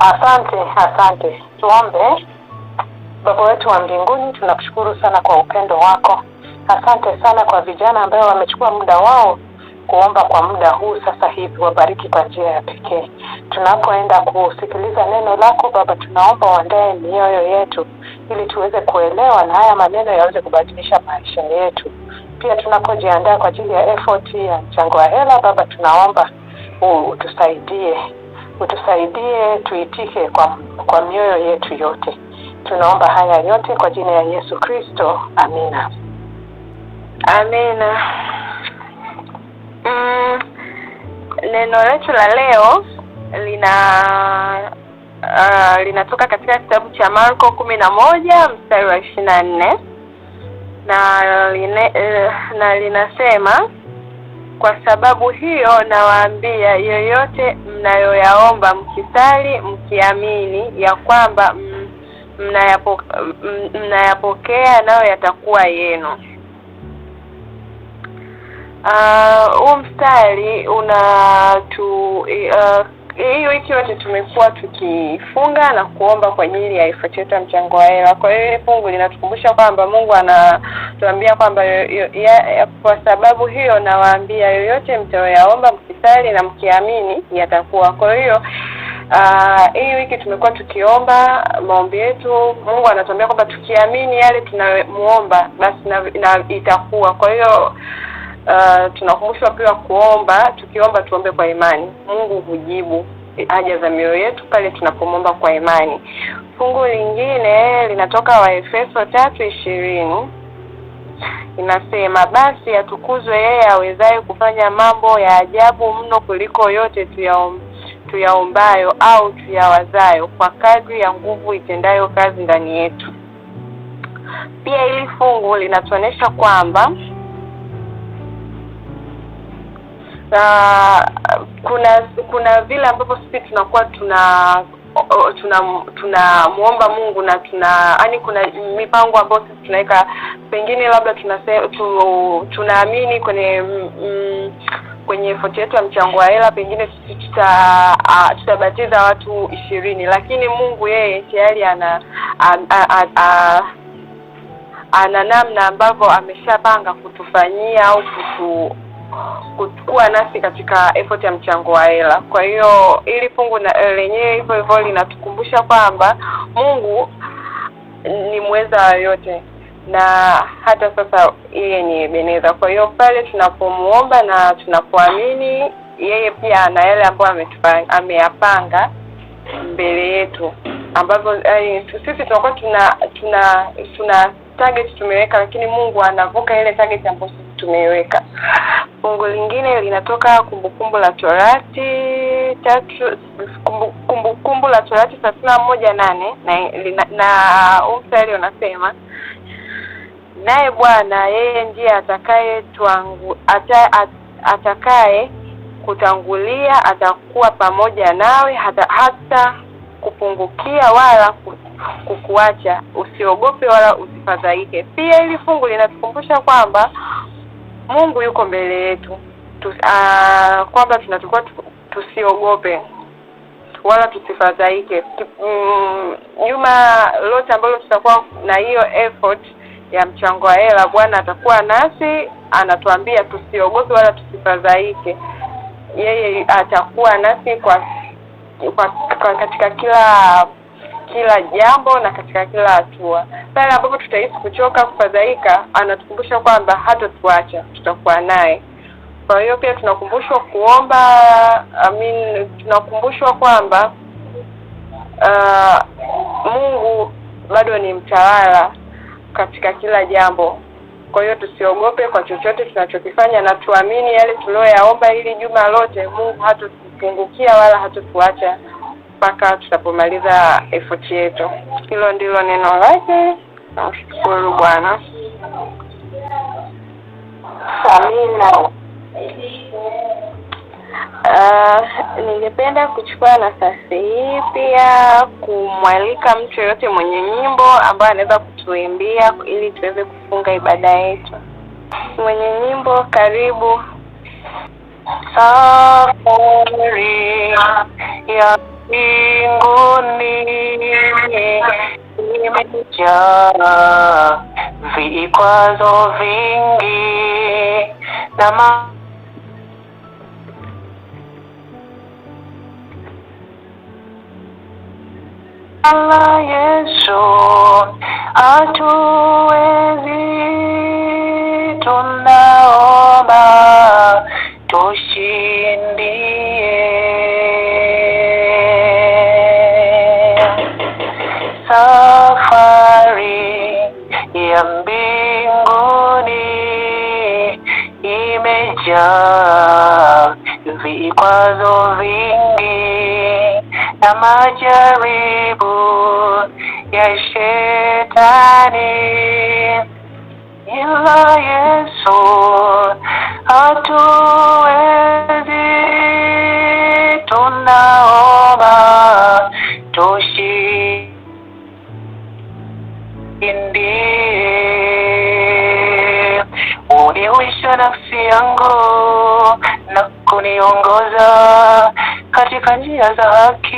Asante, asante. Tuombe. Baba wetu wa mbinguni, tunakushukuru sana kwa upendo wako. Asante sana kwa vijana ambao wamechukua muda wao kuomba kwa muda huu sasa hivi, wabariki kwa njia ya pekee. Tunapoenda kusikiliza neno lako Baba, tunaomba uandae mioyo yetu ili tuweze kuelewa na haya maneno yaweze kubadilisha maisha yetu. Pia tunapojiandaa kwa ajili ya effort ya mchango wa hela Baba, tunaomba utusaidie utusaidie tuitike kwa, kwa mioyo yetu yote. Tunaomba haya yote kwa jina ya Yesu Kristo, amina. Amina. Mm, neno letu la leo lina uh, linatoka katika kitabu cha Marko kumi na moja mstari wa ishirini na nne na eh, linasema kwa sababu hiyo nawaambia, yoyote mnayoyaomba mkisali, mkiamini ya kwamba mnayapokea, mnayapokea nayo yatakuwa yenu. Ah, huu uh, mstari una tu uh, eh, Eh, hiyo wiki yote tumekuwa tukifunga na kuomba kwa ajili ya ifuatio ya mchango wa hela. Kwa hiyo fungu linatukumbusha kwamba Mungu anatuambia kwamba kwa sababu hiyo nawaambia, yoyote mtayoyaomba mkisali na mkiamini yatakuwa. Kwa hiyo ah, hii wiki tumekuwa tukiomba maombi yetu, Mungu anatuambia kwamba tukiamini yale tunamuomba basi na, na itakuwa. Kwa hiyo uh, tunakumbushwa pia kuomba. Tukiomba tuombe kwa imani, Mungu hujibu haja za mioyo yetu pale tunapomomba kwa imani. Fungu lingine linatoka Waefeso tatu ishirini inasema, basi atukuzwe yeye awezaye kufanya mambo ya ajabu mno kuliko yote um, tuyaombayo au tuyawazayo, kwa kadri ya nguvu itendayo kazi ndani yetu. Pia hili fungu linatuonyesha kwamba sasa kuna kuna vile ambapo sisi tunakuwa tuna tunamwomba tuna, tuna Mungu na tuna yani, kuna mipango ambayo sisi tunaweka, pengine labda tunase, tu, tunaamini kwenye mm, kwenye efoti yetu ya mchango wa hela pengine tutabatiza tuta watu ishirini, lakini Mungu yeye tayari ana ana namna ambavyo ameshapanga kutufanyia au kutu kuwa nasi katika effort ya mchango wa hela. Kwa hiyo ili fungu lenyewe hivyo hivyo linatukumbusha kwamba Mungu ni mweza wa yote na hata sasa yeye ni Ebeneza. Kwa hiyo pale tunapomuomba na tunapoamini yeye pia ana yale ambayo ameyapanga mbele yetu, ambavyo eh, sisi tunakuwa tuna tuna tuna target tumeweka, lakini Mungu anavuka ile target ambayo tumeiweka. Fungu lingine linatoka Kumbukumbu la Torati tatu Kumbukumbu kumbu la Torati thelathini na moja nane na, na umstari unasema naye Bwana yeye ndiye atakaye tuangu, ata, at, atakaye kutangulia atakuwa pamoja nawe hata, hata kupungukia wala kukuacha, usiogope wala usifadhaike. Pia hili fungu linatukumbusha kwamba Mungu yuko mbele yetu tu, ah, kwamba tunatakiwa tusiogope wala tusifadhaike. Mm, nyuma mm, lote ambalo tutakuwa na hiyo effort ya mchango wa hela, Bwana atakuwa nasi, anatuambia tusiogope wala tusifadhaike. Yeye atakuwa nasi kwa, kwa, kwa katika kila kila jambo na katika kila hatua. Pale ambapo tutahisi kuchoka, kufadhaika, anatukumbusha kwamba tuacha tutakuwa naye. Kwa hiyo pia tunakumbushwa kuomba, I mean, tunakumbushwa kwamba uh, Mungu bado ni mtawala katika kila jambo. Kwa hiyo tusiogope kwa chochote tunachokifanya, na tuamini yale tuliyoyaomba hili juma lote, Mungu hatotupungukia wala hatotuacha mpaka tutapomaliza effort yetu. Hilo ndilo neno lake. Namshukuru Bwana. Amina. Uh, ningependa kuchukua nafasi hii pia kumwalika mtu yoyote mwenye nyimbo ambaye anaweza kutuimbia ili tuweze kufunga ibada yetu. Mwenye nyimbo karibu. Safari ya mbinguni imejaa vikwazo vingi na ma la Yesu hatuwezi tunaomba mbinguni imejaa vikwazo vingi na majaribu ya shetani, ila Yesu hatu iwisha nafsi yangu na kuniongoza katika njia za haki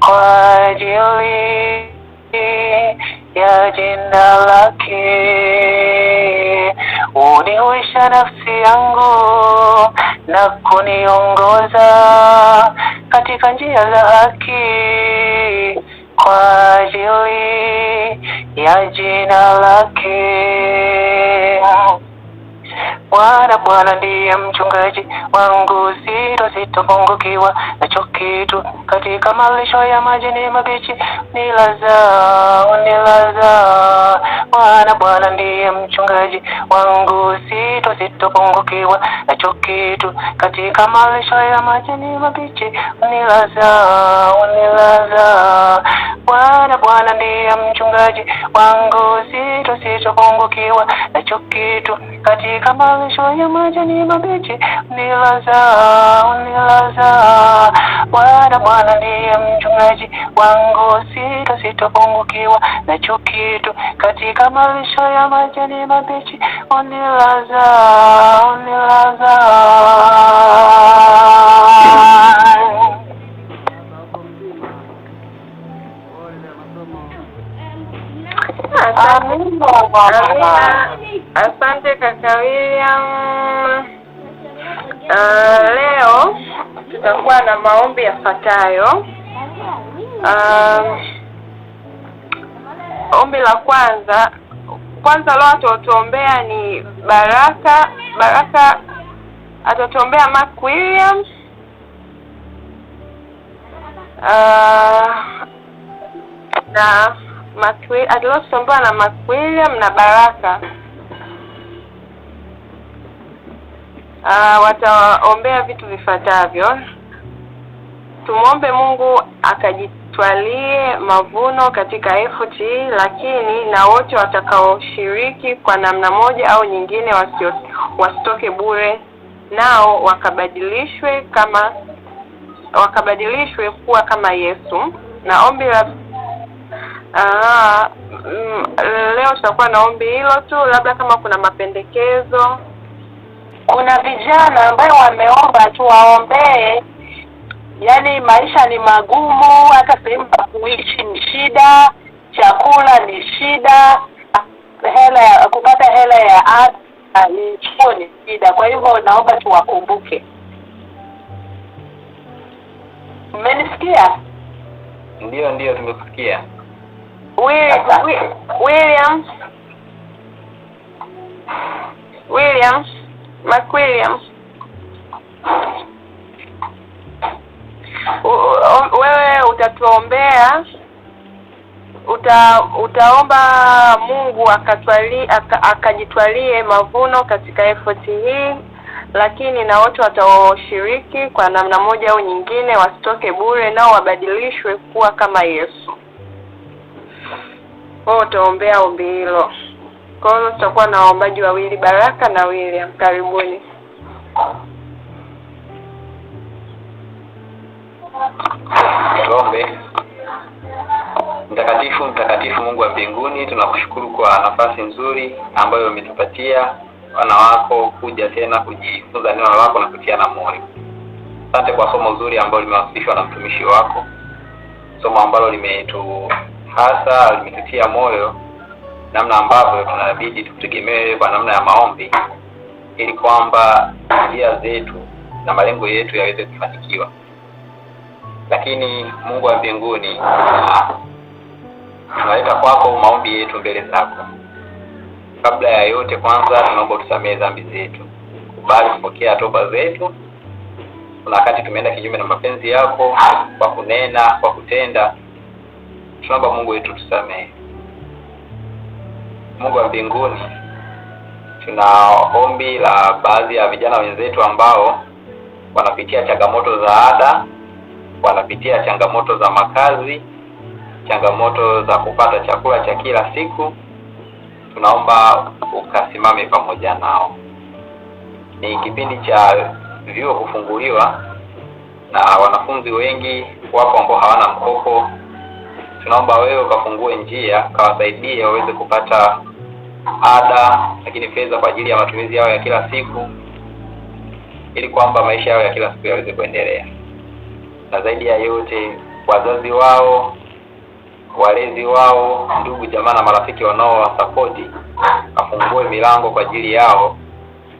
kwa ajili ya jina lake. Unihuisha nafsi yangu na kuniongoza katika njia za haki kwa ajili ya jina lake. Bwana Bwana ndiye mchungaji wangu, sito sitapungukiwa na chokitu katika malisho ya maji ni mabichi, ni ni nilazao, Bwana Bwana ndiye mchungaji wangu, sito sitopungukiwa na chokitu, katika malisho ya maji ni mabichi, ni ni nilazao, Bwana Bwana ndiye mchungaji wangu, sito sitopungukiwa na chokitu, katika malisho ya maji ni mabichi, ni ni nilazao, Bwana Bwana Bwana ndiye mchungaji wangu, sita sitopungukiwa na chukitu. Katika malisho ya majani mabichi unilaza, unilaza Asante kaka William. Uh, leo tutakuwa na maombi yafuatayo. Um, ombi la kwanza kwanza leo atatuombea ni Baraka Baraka, atatuombea Mark Williams. Uh, na atatuombewa na Mark Williams na Baraka Uh, wataombea vitu vifuatavyo: tumwombe Mungu akajitwalie mavuno katika effort hii, lakini na wote watakaoshiriki kwa namna moja au nyingine wasio, wasitoke bure, nao wakabadilishwe kama wakabadilishwe kuwa kama Yesu. Na ombi la uh, leo tutakuwa na ombi hilo tu, labda kama kuna mapendekezo kuna vijana ambayo wameomba tu waombee, yani maisha ni magumu, hata sehemu za kuishi ni shida, chakula ni shida, hela kupata hela ya ada chuo ni shida. Kwa hivyo naomba tuwakumbuke. Mmenisikia? Ndio, ndio, tumekusikia williams williams McWilliam, wewe utatuombea, uta, utaomba Mungu akajitwalie mavuno katika efoti hii, lakini na wote watashiriki kwa namna moja au nyingine wasitoke bure, nao wabadilishwe kuwa kama Yesu. Wewe utaombea ombi hilo. Kwa hiyo tutakuwa na waombaji wawili, Baraka na William. Karibuni. Tuombe. Mtakatifu, mtakatifu Mungu wa mbinguni, tunakushukuru kwa nafasi nzuri ambayo umetupatia wana wako kuja tena kujifunza neno lako na kutiana moyo. Asante kwa somo zuri ambalo limewasilishwa na mtumishi wako, somo ambalo limetuhasa, limetutia moyo namna ambavyo tunabidi tutegemee kwa namna ya maombi, ili kwamba njia zetu na malengo yetu yaweze kufanikiwa. Lakini Mungu wa mbinguni, tunaleta kwako maombi yetu mbele zako. Kabla ya yote, kwanza tunaomba tusamee dhambi zetu, kubali kupokea toba zetu. Kuna wakati tumeenda kinyume na mapenzi yako, kwa kunena, kwa kutenda. Tunaomba Mungu wetu tusamehe Mungu wa mbinguni, tuna ombi la baadhi ya vijana wenzetu ambao wanapitia changamoto za ada, wanapitia changamoto za makazi, changamoto za kupata chakula cha kila siku. Tunaomba ukasimame pamoja nao. Ni kipindi cha vyuo kufunguliwa na wanafunzi wengi wapo ambao hawana mkopo tunaomba wewe ukafungue njia, kawasaidie waweze kupata ada, lakini fedha kwa ajili ya matumizi yao ya kila siku, ili kwamba maisha yao ya kila siku yaweze kuendelea, na zaidi ya yote wazazi wao walezi wao, ndugu jamaa na marafiki wanaowasapoti, afungue milango kwa ajili yao,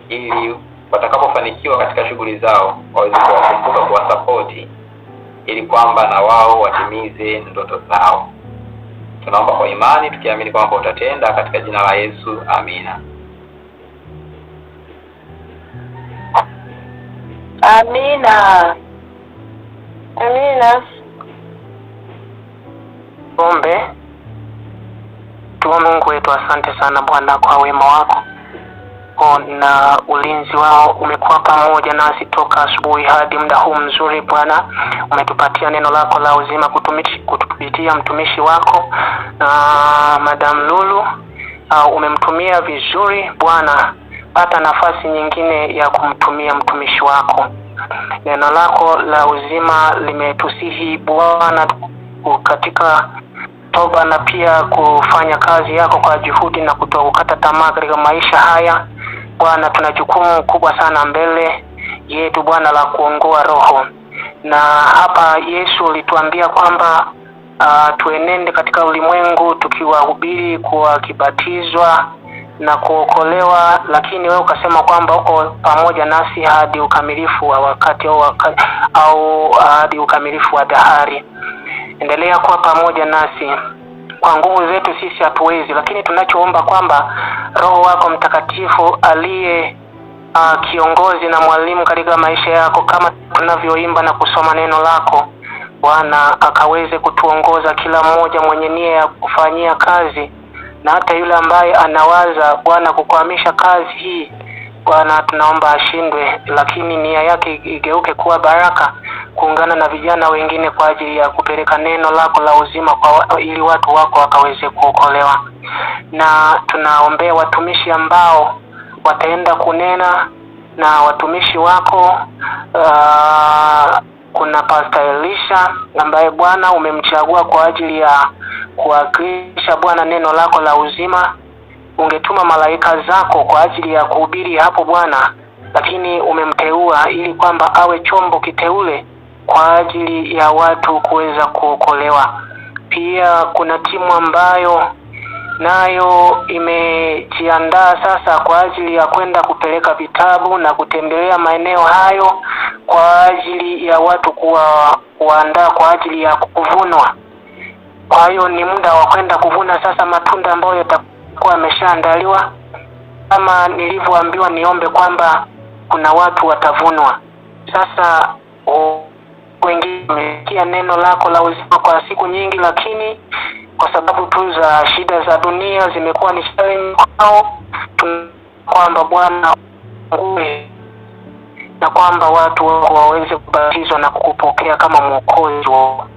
ili watakapofanikiwa katika shughuli zao waweze kuwakumbuka kuwasapoti ili kwamba na wao watimize ndoto zao. Tunaomba kwa imani tukiamini kwamba utatenda, katika jina la Yesu, amina. Amina, amina. Ombe. Tuwa Mungu wetu, asante sana Bwana kwa wema wako wako na ulinzi wao umekuwa pamoja nasi toka asubuhi hadi muda huu mzuri. Bwana, umetupatia neno lako la uzima kutupitia mtumishi wako na Madam Lulu. Uh, umemtumia vizuri Bwana, pata nafasi nyingine ya kumtumia mtumishi wako. Neno lako la uzima limetusihi Bwana katika toba na pia kufanya kazi yako kwa juhudi na kutokukata tamaa katika maisha haya. Bwana, tuna jukumu kubwa sana mbele yetu Bwana la kuongoa roho, na hapa Yesu alituambia kwamba uh, tuenende katika ulimwengu tukiwahubiri, kuwakibatizwa na kuokolewa, lakini wewe ukasema kwamba uko pamoja nasi hadi ukamilifu wa wakati au, wakati, au uh, hadi ukamilifu wa dahari. Endelea kuwa pamoja nasi kwa nguvu zetu sisi hatuwezi, lakini tunachoomba kwamba Roho wako Mtakatifu aliye uh, kiongozi na mwalimu katika maisha yako, kama tunavyoimba na kusoma neno lako Bwana, akaweze kutuongoza kila mmoja mwenye nia ya kufanyia kazi na hata yule ambaye anawaza Bwana kukwamisha kazi hii Bwana, tunaomba ashindwe, lakini nia yake igeuke kuwa baraka, kuungana na vijana wengine kwa ajili ya kupeleka neno lako la uzima kwa, ili watu wako wakaweze kuokolewa. Na tunaombea watumishi ambao wataenda kunena na watumishi wako uh, kuna Pastor Elisha ambaye Bwana umemchagua kwa ajili ya kuwakilisha Bwana neno lako la uzima ungetuma malaika zako kwa ajili ya kuhubiri hapo Bwana, lakini umemteua ili kwamba awe chombo kiteule kwa ajili ya watu kuweza kuokolewa. Pia kuna timu ambayo nayo imejiandaa sasa kwa ajili ya kwenda kupeleka vitabu na kutembelea maeneo hayo kwa ajili ya watu kuwa kuandaa kwa ajili ya kuvunwa. Kwa hiyo ni muda wa kwenda kuvuna sasa matunda ambayo yata kuwa ameshaandaliwa kama nilivyoambiwa niombe kwamba kuna watu watavunwa. Sasa wengi wamesikia neno lako la uzima kwa siku nyingi, lakini kwa sababu tu za shida za dunia zimekuwa ni challenge kwao, kwamba Bwana nguwe na kwamba watu wako waweze kubatizwa na kukupokea kama mwokozi wao.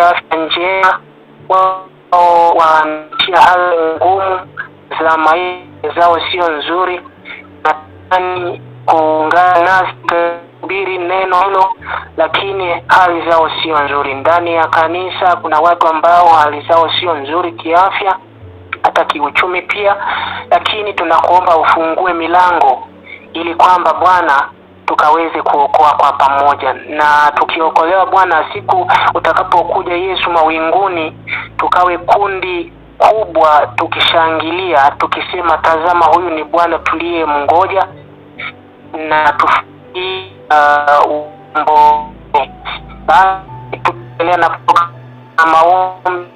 Afya njema wao wanapitia hali ngumu za maisha zao sio nzuri, ni kuungana nasi kuhubiri neno hilo, lakini hali zao sio nzuri. Ndani ya kanisa kuna watu ambao hali zao sio nzuri kiafya, hata kiuchumi pia, lakini tunakuomba ufungue milango ili kwamba Bwana tukaweze kuokoa kwa pamoja, na tukiokolewa, Bwana, siku utakapokuja Yesu mawinguni, tukawe kundi kubwa tukishangilia, tukisema, tazama huyu ni Bwana mngoja na tufurahie umbo tukiendelea na maombi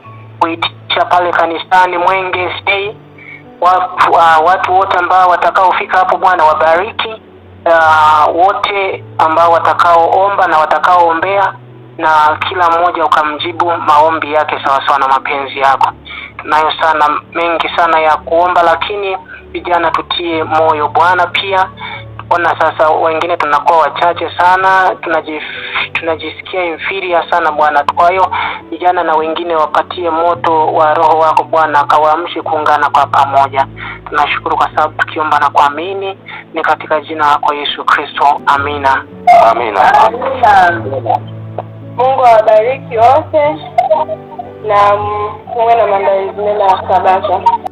kuitisha pale kanisani Mwenge stay uh, watu wote ambao watakaofika hapo, Bwana wabariki uh, wote ambao watakaoomba na watakaoombea, na kila mmoja ukamjibu maombi yake sawasawa na mapenzi yako. Tunayo sana mengi sana ya kuomba, lakini vijana tutie moyo Bwana pia ona sasa, wengine tunakuwa wachache sana, tunajif, tunajisikia inferior sana Bwana. Kwa hiyo vijana na wengine wapatie moto wa Roho wako Bwana, akawaamshe kuungana kwa pamoja. Tunashukuru kwa sababu tukiomba na kuamini ni katika jina lako Yesu Kristo, amina. Amina. Mungu awabariki wote na muwe na maandalizi mema ya Sabato.